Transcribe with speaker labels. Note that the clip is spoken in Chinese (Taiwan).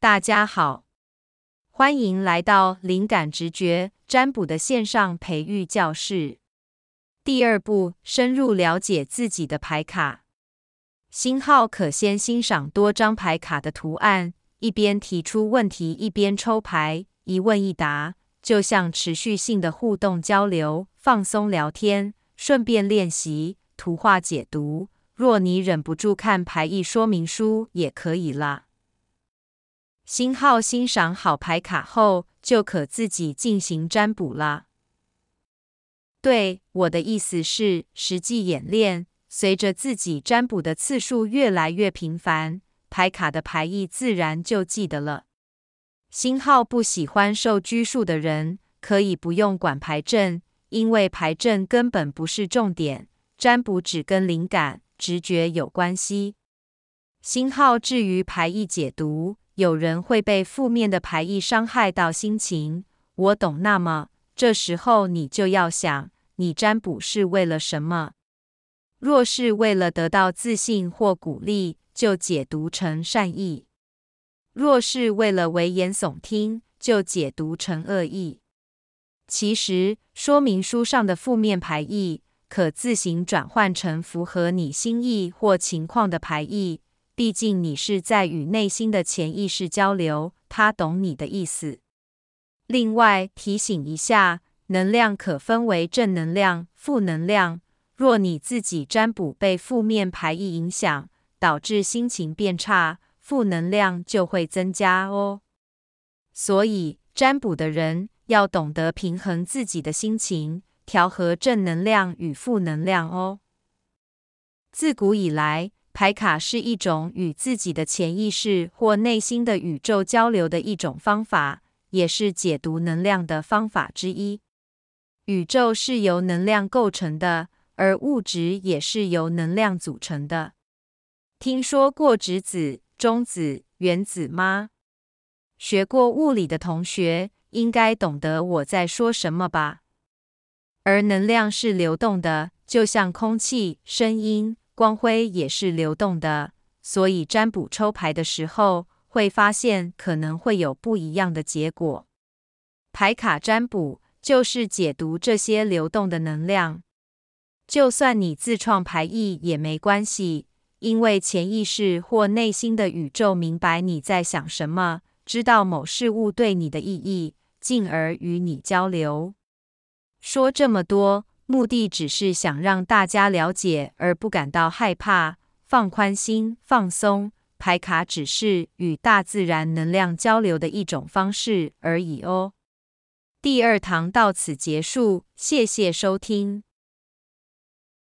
Speaker 1: 大家好，歡迎來到靈感直覺占卜的線上培育教室。第二步，深入了解自己的牌卡。星號可先欣賞多張牌卡的圖案，一邊提出問題，一邊抽牌，一問一答，就像持續性的互動交流、放鬆聊天，順便練習圖畫解讀。若你忍不住看牌義說明書，也可以啦。星號欣賞好牌卡後，就可自己進行占卜啦。對，我的意思是實際演練，隨着自己占卜的次數越來越頻繁，牌卡的牌義自然就記得了。星號不喜歡受拘束的人，可以不用管牌陣，因為牌陣根本不是重點，占卜只跟靈感、直覺有關係。星號至於牌義解讀。有人會被負面的牌義傷害到心情，我懂。那麼這時候你就要想，你占卜是為了什麼？若是為了得到自信或鼓勵，就解讀成善意；若是為了危言聳聽，就解讀成惡意。其實，說明書上的負面牌義，可自行轉換成符合你心意或情況的牌義。畢竟你是在與內心的潛意識交流，他懂你的意思。另外，提醒一下，能量可分為正能量、負能量。若你自己占卜被負面牌義影響，導致心情變差，負能量就會增加哦。所以占卜的人，要懂得平衡自己的心情，調和正能量與負能量哦。自古以來，牌卡是一種與自己的潛意識或內心的宇宙交流的一種方法，也是解讀能量的方法之一。宇宙是由能量構成的，而物質也是由能量組成的。聽說過質子、中子、原子嗎？學過物理的同學應該懂得我在說什麼吧？而能量是流動的，就像空氣、聲音、光輝也是流動的，所以占卜抽牌的時候，會發現可能會有不一樣的結果。牌卡占卜就是解讀這些流動的能量。就算你自創牌義也沒關係，因為潛意識或內心的宇宙明白你在想什麼，知道某事物對你的意義，進而與你交流。說這麼多，目的只是想讓大家了解，而不感到害怕，放寬心，放鬆。牌卡只是與大自然能量交流的一種方式而已哦。第二堂到此結束，謝謝收聽。